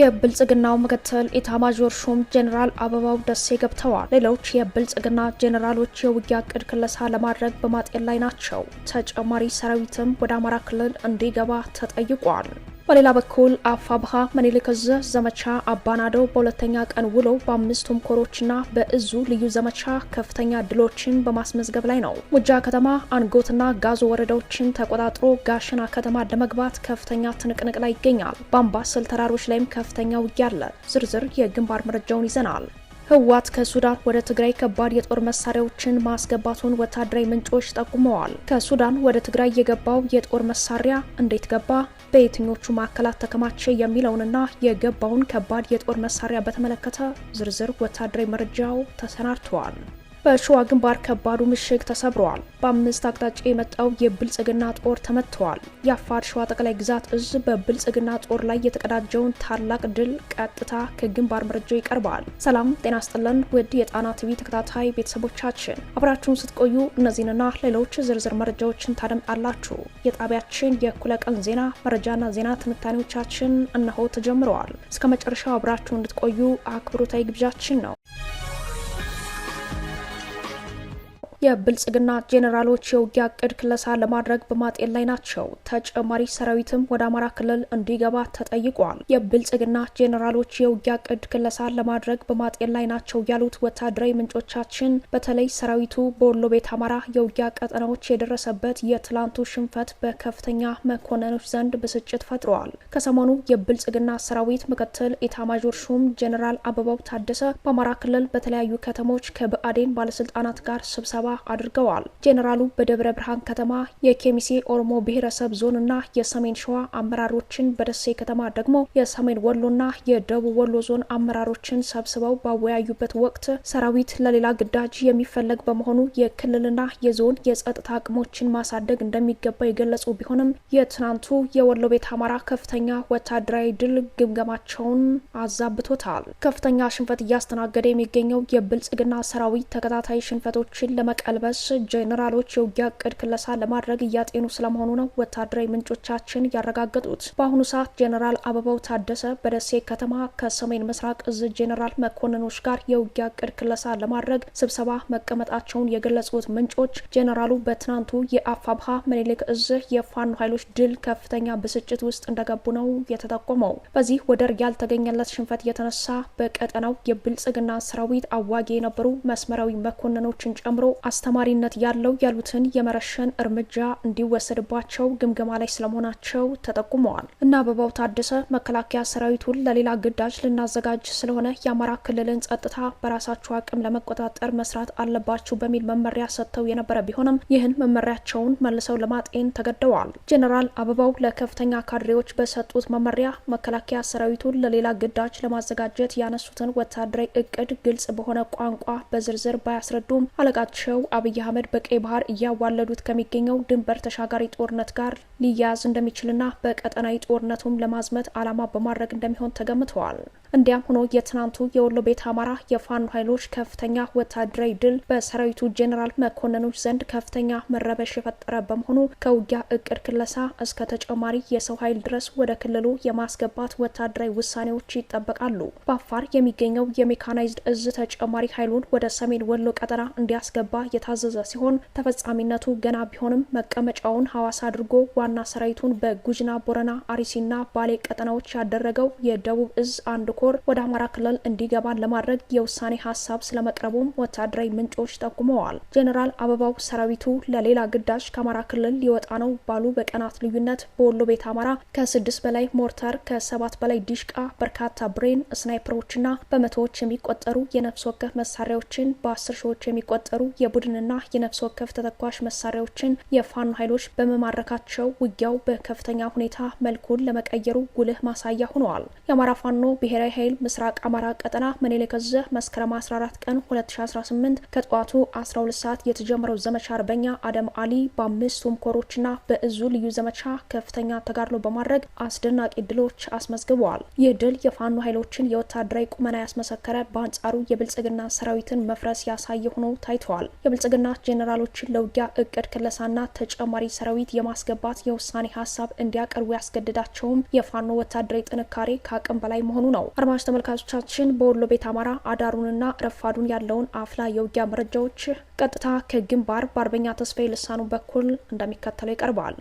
የብልጽግናው ምክትል ኢታማዦር ሹም ጄኔራል አበባው ደሴ ገብተዋል። ሌሎች የብልጽግና ጀነራሎች የውጊያ እቅድ ክለሳ ለማድረግ በማጤን ላይ ናቸው። ተጨማሪ ሰራዊትም ወደ አማራ ክልል እንዲገባ ተጠይቋል። በሌላ በኩል አፋብሃ መኒልክ እዝ ዘመቻ አባናደው በሁለተኛ ቀን ውሎ በአምስቱም ኮሮችና በእዙ ልዩ ዘመቻ ከፍተኛ ድሎችን በማስመዝገብ ላይ ነው። ሙጃ ከተማ፣ አንጎትና ጋዞ ወረዳዎችን ተቆጣጥሮ ጋሽና ከተማ ለመግባት ከፍተኛ ትንቅንቅ ላይ ይገኛል። በአምባሰል ተራሮች ላይም ከፍተኛ ውጊያ አለ። ዝርዝር የግንባር መረጃውን ይዘናል። ህወሓት ከሱዳን ወደ ትግራይ ከባድ የጦር መሳሪያዎችን ማስገባቱን ወታደራዊ ምንጮች ጠቁመዋል። ከሱዳን ወደ ትግራይ የገባው የጦር መሳሪያ እንዴት ገባ፣ በየትኞቹ ማዕከላት ተከማቸ የሚለውንና የገባውን ከባድ የጦር መሳሪያ በተመለከተ ዝርዝር ወታደራዊ መረጃው ተሰናድተዋል። በሸዋ ግንባር ከባዱ ምሽግ ተሰብረዋል። በአምስት አቅጣጫ የመጣው የብልጽግና ጦር ተመትተዋል። የአፋር ሸዋ ጠቅላይ ግዛት እዝ በብልጽግና ጦር ላይ የተቀዳጀውን ታላቅ ድል ቀጥታ ከግንባር መረጃ ይቀርባል። ሰላም ጤና ስጥለን ውድ የጣና ቲቪ ተከታታይ ቤተሰቦቻችን አብራችሁን ስትቆዩ እነዚህንና ሌሎች ዝርዝር መረጃዎችን ታደምጣላችሁ። የጣቢያችን የእኩለ ቀን ዜና መረጃና ዜና ትንታኔዎቻችን እነሆ ተጀምረዋል። እስከ መጨረሻው አብራችሁ እንድትቆዩ አክብሮታዊ ግብዣችን ነው። የብልጽግና ጄኔራሎች የውጊያ እቅድ ክለሳ ለማድረግ በማጤን ላይ ናቸው። ተጨማሪ ሰራዊትም ወደ አማራ ክልል እንዲገባ ተጠይቋል። የብልጽግና ጄኔራሎች የውጊያ እቅድ ክለሳ ለማድረግ በማጤን ላይ ናቸው ያሉት ወታደራዊ ምንጮቻችን በተለይ ሰራዊቱ በወሎ ቤት አማራ የውጊያ ቀጠናዎች የደረሰበት የትላንቱ ሽንፈት በከፍተኛ መኮንኖች ዘንድ ብስጭት ፈጥረዋል። ከሰሞኑ የብልጽግና ሰራዊት ምክትል ኢታማዦር ሹም ጄኔራል አበባው ታደሰ በአማራ ክልል በተለያዩ ከተሞች ከብአዴን ባለስልጣናት ጋር ስብሰባ አድርገዋል። ጄኔራሉ በደብረ ብርሃን ከተማ የኬሚሴ ኦሮሞ ብሔረሰብ ዞንና የሰሜን ሸዋ አመራሮችን፣ በደሴ ከተማ ደግሞ የሰሜን ወሎና የደቡብ ወሎ ዞን አመራሮችን ሰብስበው ባወያዩበት ወቅት ሰራዊት ለሌላ ግዳጅ የሚፈለግ በመሆኑ የክልልና የዞን የጸጥታ አቅሞችን ማሳደግ እንደሚገባ የገለጹ ቢሆንም የትናንቱ የወሎ ቤት አማራ ከፍተኛ ወታደራዊ ድል ግምገማቸውን አዛብቶታል። ከፍተኛ ሽንፈት እያስተናገደ የሚገኘው የብልጽግና ሰራዊት ተከታታይ ሽንፈቶችን ለመቀ ቀልበስ ጄኔራሎች የውጊያ እቅድ ክለሳ ለማድረግ እያጤኑ ስለመሆኑ ነው ወታደራዊ ምንጮቻችን ያረጋገጡት። በአሁኑ ሰዓት ጄኔራል አበባው ታደሰ በደሴ ከተማ ከሰሜን ምስራቅ እዝ ጄኔራል መኮንኖች ጋር የውጊያ እቅድ ክለሳ ለማድረግ ስብሰባ መቀመጣቸውን የገለጹት ምንጮች ጄኔራሉ በትናንቱ የአፋብሃ ምኒልክ እዝ የፋኖ ኃይሎች ድል ከፍተኛ ብስጭት ውስጥ እንደገቡ ነው የተጠቆመው። በዚህ ወደር ያልተገኘለት ሽንፈት የተነሳ በቀጠናው የብልጽግና ሰራዊት አዋጊ የነበሩ መስመራዊ መኮንኖችን ጨምሮ አስተማሪነት ያለው ያሉትን የመረሸን እርምጃ እንዲወሰድባቸው ግምገማ ላይ ስለመሆናቸው ተጠቁመዋል። እና አበባው ታደሰ መከላከያ ሰራዊቱን ለሌላ ግዳጅ ልናዘጋጅ ስለሆነ የአማራ ክልልን ጸጥታ በራሳቸው አቅም ለመቆጣጠር መስራት አለባችሁ በሚል መመሪያ ሰጥተው የነበረ ቢሆንም ይህን መመሪያቸውን መልሰው ለማጤን ተገደዋል። ጄኔራል አበባው ለከፍተኛ ካድሬዎች በሰጡት መመሪያ መከላከያ ሰራዊቱን ለሌላ ግዳጅ ለማዘጋጀት ያነሱትን ወታደራዊ እቅድ ግልጽ በሆነ ቋንቋ በዝርዝር ባያስረዱም አለቃቸው አብይ አህመድ በቀይ ባህር እያዋለዱት ከሚገኘው ድንበር ተሻጋሪ ጦርነት ጋር ሊያያዝ እንደሚችልና በቀጠናዊ ጦርነቱም ለማዝመት ዓላማ በማድረግ እንደሚሆን ተገምተዋል። እንዲያም ሆኖ የትናንቱ የወሎ ቤት አማራ የፋኖ ኃይሎች ከፍተኛ ወታደራዊ ድል በሰራዊቱ ጄኔራል መኮንኖች ዘንድ ከፍተኛ መረበሽ የፈጠረ በመሆኑ ከውጊያ እቅድ ክለሳ እስከ ተጨማሪ የሰው ኃይል ድረስ ወደ ክልሉ የማስገባት ወታደራዊ ውሳኔዎች ይጠበቃሉ። በአፋር የሚገኘው የሜካናይዝድ እዝ ተጨማሪ ኃይሉን ወደ ሰሜን ወሎ ቀጠና እንዲያስገባ የታዘዘ ሲሆን ተፈጻሚነቱ ገና ቢሆንም መቀመጫውን ሐዋሳ አድርጎ ዋና ሰራዊቱን በጉጅና ቦረና፣ አሪሲና ባሌ ቀጠናዎች ያደረገው የደቡብ እዝ አንድ ኮር ወደ አማራ ክልል እንዲገባ ለማድረግ የውሳኔ ሀሳብ ስለመቅረቡም ወታደራዊ ምንጮች ጠቁመዋል። ጄኔራል አበባው ሰራዊቱ ለሌላ ግዳጅ ከአማራ ክልል ሊወጣ ነው ባሉ በቀናት ልዩነት በወሎ ቤት አማራ ከስድስት በላይ ሞርተር፣ ከሰባት በላይ ዲሽቃ፣ በርካታ ብሬን ስናይፐሮችና በመቶዎች የሚቆጠሩ የነፍስ ወከፍ መሳሪያዎችን በአስር ሺዎች የሚቆጠሩ የቡድንና የነፍስ ወከፍ ተተኳሽ መሳሪያዎችን የፋኖ ኃይሎች በመማረካቸው ውጊያው በከፍተኛ ሁኔታ መልኩን ለመቀየሩ ጉልህ ማሳያ ሆነዋል። የአማራ ፋኖ ብሔራዊ ኃይል ምስራቅ አማራ ቀጠና መኔሌክ ከዘ መስከረም 14 ቀን 2018 ከጠዋቱ 12 ሰዓት የተጀመረው ዘመቻ አርበኛ አደም አሊ በአምስት ኮሮችና በእዙ ልዩ ዘመቻ ከፍተኛ ተጋድሎ በማድረግ አስደናቂ ድሎች አስመዝግበዋል። ይህ ድል የፋኖ ኃይሎችን የወታደራዊ ቁመና ያስመሰከረ፣ በአንጻሩ የብልጽግና ሰራዊትን መፍረስ ያሳየ ሆኖ ታይተዋል። የብልጽግና ጄኔራሎችን ለውጊያ እቅድ ክለሳና ተጨማሪ ሰራዊት የማስገባት የውሳኔ ሀሳብ እንዲያቀርቡ ያስገድዳቸውም የፋኖ ወታደራዊ ጥንካሬ ከአቅም በላይ መሆኑ ነው። አድማጭ ተመልካቾቻችን በወሎ ቤት አማራ አዳሩንና ረፋዱን ያለውን አፍላ የውጊያ መረጃዎች ቀጥታ ከግንባር በአርበኛ ተስፋዬ ልሳኑ በኩል እንደሚከተለው ይቀርባል።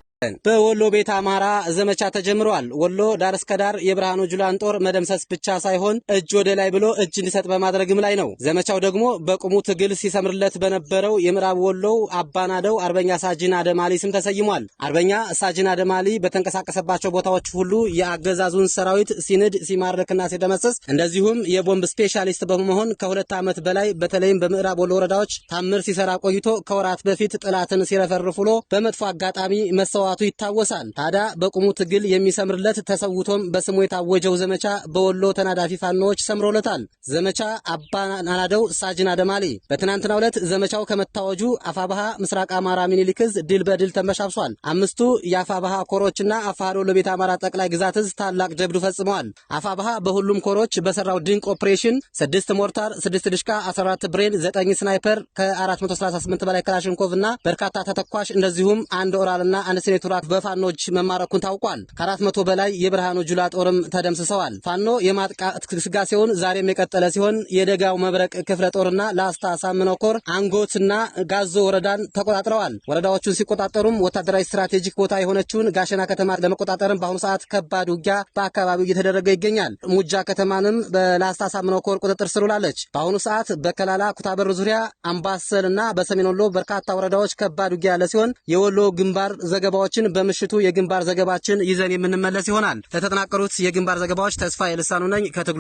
በወሎ ቤት አማራ ዘመቻ ተጀምሯል። ወሎ ዳር እስከ ዳር የብርሃኑ ጁላን ጦር መደምሰስ ብቻ ሳይሆን እጅ ወደ ላይ ብሎ እጅ እንዲሰጥ በማድረግም ላይ ነው። ዘመቻው ደግሞ በቁሙ ትግል ሲሰምርለት በነበረው የምዕራብ ወሎው አባናደው አርበኛ ሳጅን አደማሊ ስም ተሰይሟል። አርበኛ ሳጅን አደማሊ በተንቀሳቀሰባቸው ቦታዎች ሁሉ የአገዛዙን ሰራዊት ሲንድ ሲማርክና ሲደመስስ እንደዚሁም የቦምብ ስፔሻሊስት በመሆን ከሁለት ዓመት በላይ በተለይም በምዕራብ ወሎ ወረዳዎች ታምር ሲሰራ ቆይቶ ከወራት በፊት ጥላትን ሲረፈርፍ ውሎ በመጥፎ አጋጣሚ መሰዋቱ ይታወሳል። ታዲያ በቁሙ ትግል የሚሰምርለት ተሰውቶም በስሙ የታወጀው ዘመቻ በወሎ ተናዳፊ ፋኖዎች ሰምሮለታል። ዘመቻ አባናናደው ሳጅን አደማሌ በትናንትናው ዕለት ዘመቻው ከመታወጁ አፋባሃ ምስራቅ አማራ ሚኒሊክዝ ድል በድል ተመሻብሷል። አምስቱ የአፋባሃ ኮሮችና አፋዶ ለቤት አማራ ጠቅላይ ግዛት እዝ ታላቅ ጀብዱ ፈጽመዋል። አፋባሃ በሁሉም ኮሮች በሰራው ድንቅ ኦፕሬሽን ስድስት ሞርታር፣ ስድስት ድሽቃ፣ 14 ብሬን፣ ዘጠኝ ስናይፐር ከአራት ከ በላይ ክላሽንኮቭ እና በርካታ ተተኳሽ እንደዚሁም አንድ ኦራል እና አንድ ሲኔቱራክ በፋኖች መማረኩን ታውቋል። ከ400 በላይ የብርሃኑ ጁላ ጦርም ተደምስሰዋል። ፋኖ የማጥቃት ግስጋሴውን ዛሬም የቀጠለ ሲሆን የደጋው መብረቅ ክፍለ ጦርና ላስታ ሳምነው አንጎት አንጎትና ጋዞ ወረዳን ተቆጣጥረዋል። ወረዳዎቹን ሲቆጣጠሩም ወታደራዊ ስትራቴጂክ ቦታ የሆነችውን ጋሸና ከተማ ለመቆጣጠርም በአሁኑ ሰዓት ከባድ ውጊያ በአካባቢው እየተደረገ ይገኛል። ሙጃ ከተማንም በላስታ ሳምነው ቁጥጥር ስር ውላለች። በአሁኑ ሰዓት በከላላ ኩታበር ዙሪያ አምባሰ ጎንደርና በሰሜን ወሎ በርካታ ወረዳዎች ከባድ ውጊያ ያለ ሲሆን የወሎ ግንባር ዘገባዎችን በምሽቱ የግንባር ዘገባችን ይዘን የምንመለስ ይሆናል። ለተጠናቀሩት የግንባር ዘገባዎች ተስፋ የልሳኑ ነኝ ከትግሉ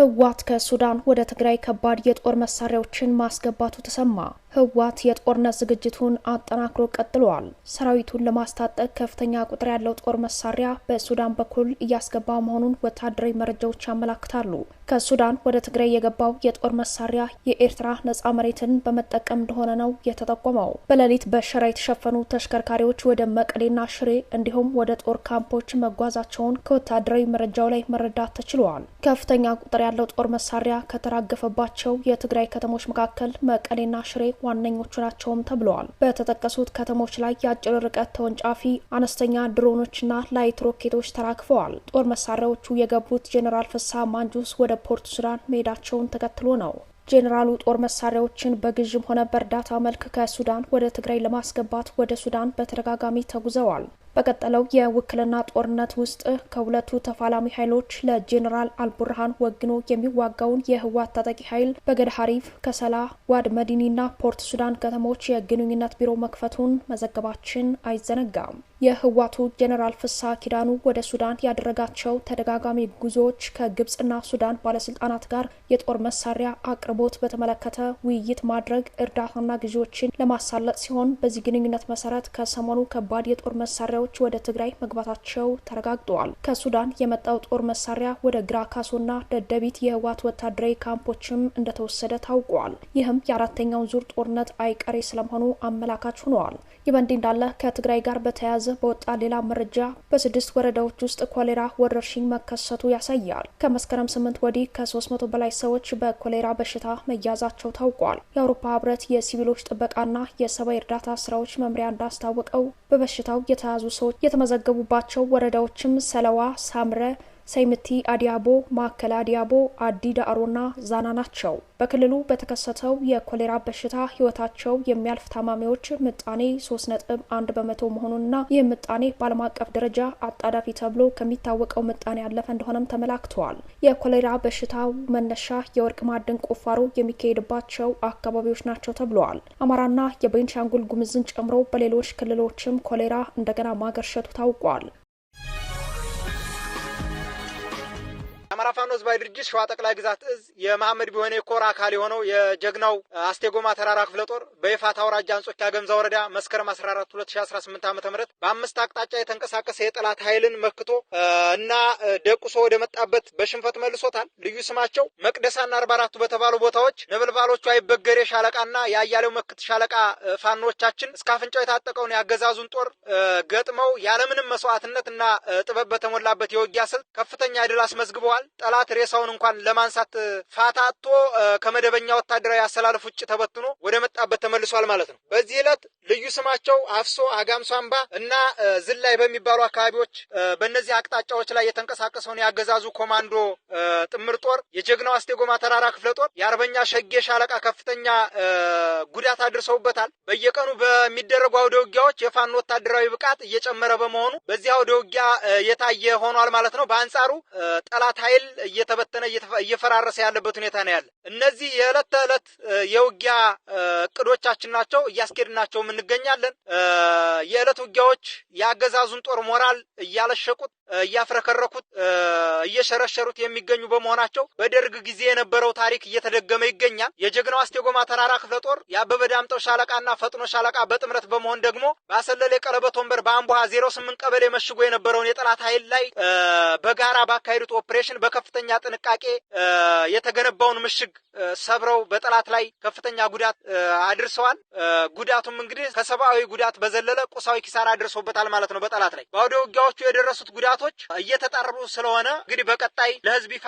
ህወሓት ከሱዳን ወደ ትግራይ ከባድ የጦር መሳሪያዎችን ማስገባቱ ተሰማ። ህወሓት የጦርነት ዝግጅቱን አጠናክሮ ቀጥሏል። ሰራዊቱን ለማስታጠቅ ከፍተኛ ቁጥር ያለው ጦር መሳሪያ በሱዳን በኩል እያስገባ መሆኑን ወታደራዊ መረጃዎች ያመላክታሉ። ከሱዳን ወደ ትግራይ የገባው የጦር መሳሪያ የኤርትራ ነጻ መሬትን በመጠቀም እንደሆነ ነው የተጠቆመው። በሌሊት በሸራ የተሸፈኑ ተሽከርካሪዎች ወደ መቀሌና ሽሬ እንዲሁም ወደ ጦር ካምፖች መጓዛቸውን ከወታደራዊ መረጃው ላይ መረዳት ተችሏል። ከፍተኛ ቁጥር ያለው ጦር መሳሪያ ከተራገፈባቸው የትግራይ ከተሞች መካከል መቀሌና ሽሬ ዋነኞቹ ናቸውም ተብለዋል። በተጠቀሱት ከተሞች ላይ የአጭር ርቀት ተወንጫፊ አነስተኛ ድሮኖችና ላይት ሮኬቶች ተራክፈዋል። ጦር መሳሪያዎቹ የገቡት ጄኔራል ፍሳ ማንጁስ ወደ ፖርት ሱዳን መሄዳቸውን ተከትሎ ነው። ጄኔራሉ ጦር መሳሪያዎችን በግዥም ሆነ በእርዳታ መልክ ከሱዳን ወደ ትግራይ ለማስገባት ወደ ሱዳን በተደጋጋሚ ተጉዘዋል። በቀጠለው የውክልና ጦርነት ውስጥ ከሁለቱ ተፋላሚ ኃይሎች ለጄኔራል አልቡርሃን ወግኖ የሚዋጋውን የህወሓት ታጣቂ ኃይል በገድ ሀሪፍ፣ ከሰላ፣ ዋድ መዲኒና ፖርት ሱዳን ከተሞች የግንኙነት ቢሮ መክፈቱን መዘገባችን አይዘነጋም። የህዋቱ ጄኔራል ፍስሐ ኪዳኑ ወደ ሱዳን ያደረጋቸው ተደጋጋሚ ጉዞዎች ከግብጽና ሱዳን ባለስልጣናት ጋር የጦር መሳሪያ አቅርቦት በተመለከተ ውይይት ማድረግ እርዳታና ግዢዎችን ለማሳለጥ ሲሆን በዚህ ግንኙነት መሰረት ከሰሞኑ ከባድ የጦር መሳሪያዎች ወደ ትግራይ መግባታቸው ተረጋግጠዋል። ከሱዳን የመጣው ጦር መሳሪያ ወደ ግራ ካሶና ደደቢት የህዋት ወታደራዊ ካምፖችም እንደተወሰደ ታውቋል። ይህም የአራተኛውን ዙር ጦርነት አይቀሬ ስለመሆኑ አመላካች ሆነዋል። ይህ በእንዲህ እንዳለ ከትግራይ ጋር በተያያዘ በወጣ ሌላ መረጃ በስድስት ወረዳዎች ውስጥ ኮሌራ ወረርሽኝ መከሰቱ ያሳያል። ከመስከረም ስምንት ወዲህ ከ300 በላይ ሰዎች በኮሌራ በሽታ መያዛቸው ታውቋል። የአውሮፓ ህብረት የሲቪሎች ጥበቃና የሰብአዊ እርዳታ ስራዎች መምሪያ እንዳስታወቀው በበሽታው የተያዙ ሰዎች የተመዘገቡባቸው ወረዳዎችም ሰለዋ፣ ሳምረ ሰይምቲ አዲያቦ፣ ማዕከል አዲያቦ፣ አዲ ዳዕሮና ዛና ናቸው። በክልሉ በተከሰተው የኮሌራ በሽታ ህይወታቸው የሚያልፍ ታማሚዎች ምጣኔ አንድ በመቶ መሆኑንና ይህ ምጣኔ በዓለም አቀፍ ደረጃ አጣዳፊ ተብሎ ከሚታወቀው ምጣኔ ያለፈ እንደሆነም ተመላክተዋል። የኮሌራ በሽታው መነሻ የወርቅ ማዕድን ቁፋሮ የሚካሄድባቸው አካባቢዎች ናቸው ተብለዋል። አማራና የቤንሻንጉል ጉምዝን ጨምሮ በሌሎች ክልሎችም ኮሌራ እንደገና ማገርሸቱ ታውቋል። የአማራ ፋኖ ህዝባዊ ድርጅት ሸዋ ጠቅላይ ግዛት እዝ የመሐመድ ቢሆኔ ኮር አካል የሆነው የጀግናው አስቴጎማ ተራራ ክፍለ ጦር በይፋት አውራጃ አንጾኪያ ገምዛ ወረዳ መስከረም 14 2018 ዓ ም በአምስት አቅጣጫ የተንቀሳቀሰ የጠላት ኃይልን መክቶ እና ደቁሶ ወደ መጣበት በሽንፈት መልሶታል። ልዩ ስማቸው መቅደሳና አርባ አራቱ በተባሉ ቦታዎች ነበልባሎቹ አይበገሬ ሻለቃና የአያሌው መክት ሻለቃ ፋኖቻችን እስከ አፍንጫው የታጠቀውን ያገዛዙን ጦር ገጥመው ያለምንም መስዋዕትነት እና ጥበብ በተሞላበት የውጊያ ስልት ከፍተኛ ድል አስመዝግበዋል። ጠላት ሬሳውን እንኳን ለማንሳት ፋታ አጥቶ ከመደበኛ ወታደራዊ አሰላለፍ ውጭ ተበትኖ ወደ መጣበት ተመልሷል ማለት ነው። በዚህ ዕለት ልዩ ስማቸው አፍሶ፣ አጋምሶ አምባ እና ዝላይ በሚባሉ አካባቢዎች በእነዚህ አቅጣጫዎች ላይ የተንቀሳቀሰውን ያገዛዙ ኮማንዶ ጥምር ጦር የጀግናው አስቴጎማ ተራራ ክፍለ ጦር የአርበኛ ሸጌ ሻለቃ ከፍተኛ ጉዳት አድርሰውበታል። በየቀኑ በሚደረጉ አውደ ውጊያዎች የፋኖ ወታደራዊ ብቃት እየጨመረ በመሆኑ በዚህ አውደ ውጊያ የታየ ሆኗል ማለት ነው። በአንጻሩ ጠላት ኃይል እየተበተነ እየፈራረሰ ያለበት ሁኔታ ነው ያለ። እነዚህ የዕለት ተዕለት የውጊያ እቅዶቻችን ናቸው፣ እያስኬድናቸውም እንገኛለን። የዕለት ውጊያዎች የአገዛዙን ጦር ሞራል እያለሸቁት እያፍረከረኩት እየሸረሸሩት የሚገኙ በመሆናቸው በደርግ ጊዜ የነበረው ታሪክ እየተደገመ ይገኛል። የጀግናው አስቴጎማ ተራራ ክፍለ ጦር የአበበ ዳምጠው ሻለቃና ፈጥኖ ሻለቃ በጥምረት በመሆን ደግሞ በአሰለሌ ቀለበት ወንበር በአምቧ ዜሮ ስምንት ቀበሌ መሽጎ የነበረውን የጠላት ኃይል ላይ በጋራ ባካሄዱት ኦፕሬሽን በከፍተኛ ጥንቃቄ የተገነባውን ምሽግ ሰብረው በጠላት ላይ ከፍተኛ ጉዳት አድርሰዋል። ጉዳቱም እንግዲህ ከሰብአዊ ጉዳት በዘለለ ቁሳዊ ኪሳራ አድርሶበታል ማለት ነው። በጠላት ላይ በአውደ ውጊያዎቹ የደረሱት ጉዳቱ ጥናቶች እየተጣሩ ስለሆነ እንግዲህ በቀጣይ ለህዝብ ይፋ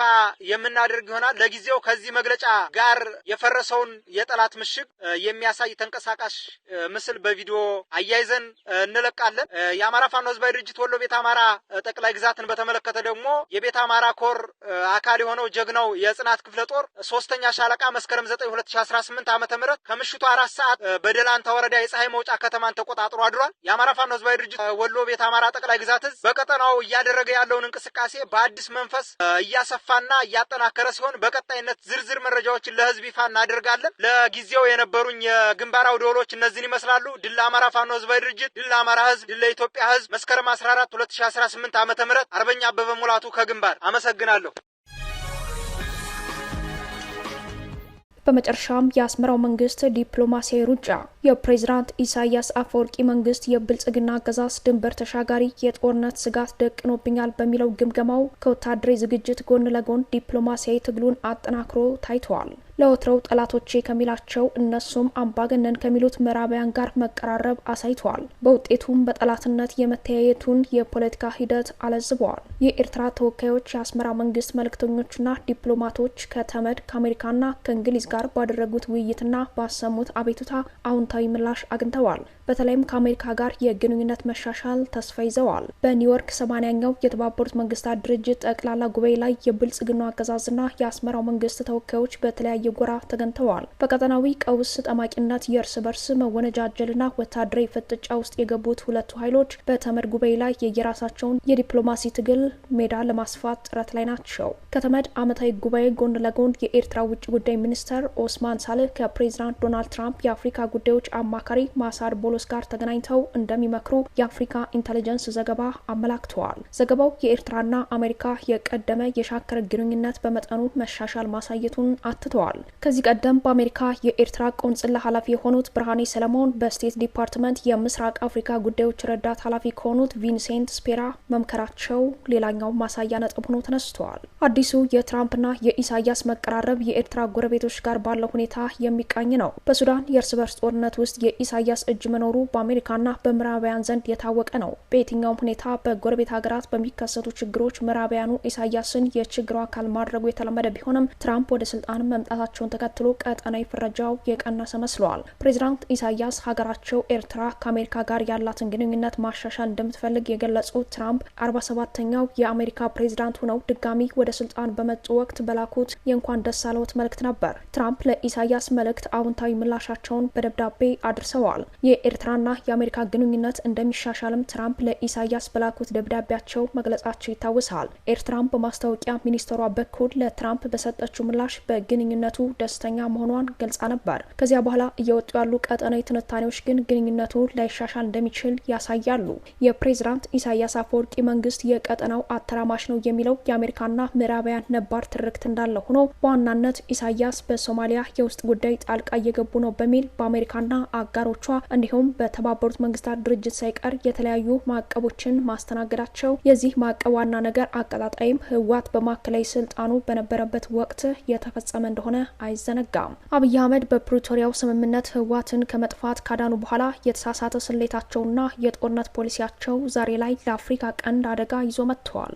የምናደርግ ይሆናል። ለጊዜው ከዚህ መግለጫ ጋር የፈረሰውን የጠላት ምሽግ የሚያሳይ ተንቀሳቃሽ ምስል በቪዲዮ አያይዘን እንለቃለን። የአማራ ፋኖ ህዝባዊ ድርጅት ወሎ ቤት አማራ ጠቅላይ ግዛትን በተመለከተ ደግሞ የቤት አማራ ኮር አካል የሆነው ጀግናው የጽናት ክፍለ ጦር ሶስተኛ ሻለቃ መስከረም 9 2018 ዓ ም ከምሽቱ አራት ሰዓት በደላንታ ወረዳ የፀሐይ መውጫ ከተማን ተቆጣጥሮ አድሯል። የአማራ ፋኖ ህዝባዊ ድርጅት ወሎ ቤት አማራ ጠቅላይ ግዛት በቀጠናው እያለ እያደረገ ያለውን እንቅስቃሴ በአዲስ መንፈስ እያሰፋና እያጠናከረ ሲሆን በቀጣይነት ዝርዝር መረጃዎችን ለህዝብ ይፋ እናደርጋለን። ለጊዜው የነበሩኝ የግንባር አውደ ውሎች እነዚህን ይመስላሉ። ድል አማራ ፋኖ ህዝባዊ ድርጅት፣ ድል ለአማራ ህዝብ፣ ድል ለኢትዮጵያ ህዝብ። መስከረም 14 2018 ዓ ም አርበኛ አበበ ሙላቱ ከግንባር አመሰግናለሁ። በመጨረሻም የአስመራው መንግስት ዲፕሎማሲያዊ ሩጫ የፕሬዚዳንት ኢሳያስ አፈወርቂ መንግስት የብልጽግና አገዛዝ ድንበር ተሻጋሪ የጦርነት ስጋት ደቅኖብኛል በሚለው ግምገማው ከወታደራዊ ዝግጅት ጎን ለጎን ዲፕሎማሲያዊ ትግሉን አጠናክሮ ታይተዋል። ለወትረው ጠላቶቼ ከሚላቸው እነሱም አምባገነን ከሚሉት ምዕራባውያን ጋር መቀራረብ አሳይተዋል። በውጤቱም በጠላትነት የመተያየቱን የፖለቲካ ሂደት አለዝበዋል። የኤርትራ ተወካዮች የአስመራ መንግስት መልእክተኞችና ዲፕሎማቶች ከተመድ ከአሜሪካና ከእንግሊዝ ጋር ባደረጉት ውይይትና ባሰሙት አቤቱታ አዎንታዊ ምላሽ አግኝተዋል። በተለይም ከአሜሪካ ጋር የግንኙነት መሻሻል ተስፋ ይዘዋል። በኒውዮርክ ሰማንያኛው የተባበሩት መንግስታት ድርጅት ጠቅላላ ጉባኤ ላይ የብልጽግናው አገዛዝና የአስመራው መንግስት ተወካዮች በተለያየ ጎራ ተገኝተዋል። በቀጠናዊ ቀውስ ጠማቂነት የእርስ በርስ መወነጃጀልና ወታደራዊ ፍጥጫ ውስጥ የገቡት ሁለቱ ኃይሎች በተመድ ጉባኤ ላይ የየራሳቸውን የዲፕሎማሲ ትግል ሜዳ ለማስፋት ጥረት ላይ ናቸው። ከተመድ ዓመታዊ ጉባኤ ጎን ለጎን የኤርትራ ውጭ ጉዳይ ሚኒስተር ኦስማን ሳልህ ከፕሬዚዳንት ዶናልድ ትራምፕ የአፍሪካ ጉዳዮች አማካሪ ማሳድ ቦሎ ጳውሎስ ጋር ተገናኝተው እንደሚመክሩ የአፍሪካ ኢንተሊጀንስ ዘገባ አመላክተዋል። ዘገባው የኤርትራና አሜሪካ የቀደመ የሻከረ ግንኙነት በመጠኑ መሻሻል ማሳየቱን አትተዋል። ከዚህ ቀደም በአሜሪካ የኤርትራ ቆንጽላ ኃላፊ የሆኑት ብርሃኔ ሰለሞን በስቴት ዲፓርትመንት የምስራቅ አፍሪካ ጉዳዮች ረዳት ኃላፊ ከሆኑት ቪንሴንት ስፔራ መምከራቸው ሌላኛው ማሳያ ነጥብ ሆኖ ተነስተዋል። አዲሱ የትራምፕና የኢሳያስ መቀራረብ የኤርትራ ጎረቤቶች ጋር ባለው ሁኔታ የሚቃኝ ነው። በሱዳን የእርስ በርስ ጦርነት ውስጥ የኢሳያስ እጅ መኖ መኖሩ በአሜሪካና በምዕራባውያን ዘንድ የታወቀ ነው። በየትኛውም ሁኔታ በጎረቤት ሀገራት በሚከሰቱ ችግሮች ምዕራባውያኑ ኢሳያስን የችግሩ አካል ማድረጉ የተለመደ ቢሆንም ትራምፕ ወደ ስልጣን መምጣታቸውን ተከትሎ ቀጠናዊ ፍረጃው የቀነሰ መስለዋል። ፕሬዚዳንት ኢሳያስ ሀገራቸው ኤርትራ ከአሜሪካ ጋር ያላትን ግንኙነት ማሻሻል እንደምትፈልግ የገለጹ ትራምፕ አርባ ሰባተኛው የአሜሪካ ፕሬዚዳንት ሆነው ድጋሚ ወደ ስልጣን በመጡ ወቅት በላኩት የእንኳን ደስ አለዎት መልእክት ነበር። ትራምፕ ለኢሳያስ መልእክት አዎንታዊ ምላሻቸውን በደብዳቤ አድርሰዋል። የኤርትራና የአሜሪካ ግንኙነት እንደሚሻሻልም ትራምፕ ለኢሳያስ በላኩት ደብዳቤያቸው መግለጻቸው ይታወሳል። ኤርትራም በማስታወቂያ ሚኒስትሯ በኩል ለትራምፕ በሰጠችው ምላሽ በግንኙነቱ ደስተኛ መሆኗን ገልጻ ነበር። ከዚያ በኋላ እየወጡ ያሉ ቀጠናዊ ትንታኔዎች ግን ግንኙነቱ ላይሻሻል እንደሚችል ያሳያሉ። የፕሬዝዳንት ኢሳያስ አፈወርቂ መንግስት የቀጠናው አተራማሽ ነው የሚለው የአሜሪካና ምዕራባውያን ነባር ትርክት እንዳለ ሆኖ በዋናነት ኢሳያስ በሶማሊያ የውስጥ ጉዳይ ጣልቃ እየገቡ ነው በሚል በአሜሪካና አጋሮቿ እንዲሁም እንዲሁም በተባበሩት መንግስታት ድርጅት ሳይቀር የተለያዩ ማዕቀቦችን ማስተናገዳቸው የዚህ ማዕቀብ ዋና ነገር አቀጣጣይም ህወሓት በማዕከላዊ ስልጣኑ በነበረበት ወቅት የተፈጸመ እንደሆነ አይዘነጋም። አብይ አህመድ በፕሪቶሪያው ስምምነት ህወሓትን ከመጥፋት ካዳኑ በኋላ የተሳሳተ ስሌታቸውና የጦርነት ፖሊሲያቸው ዛሬ ላይ ለአፍሪካ ቀንድ አደጋ ይዞ መጥተዋል።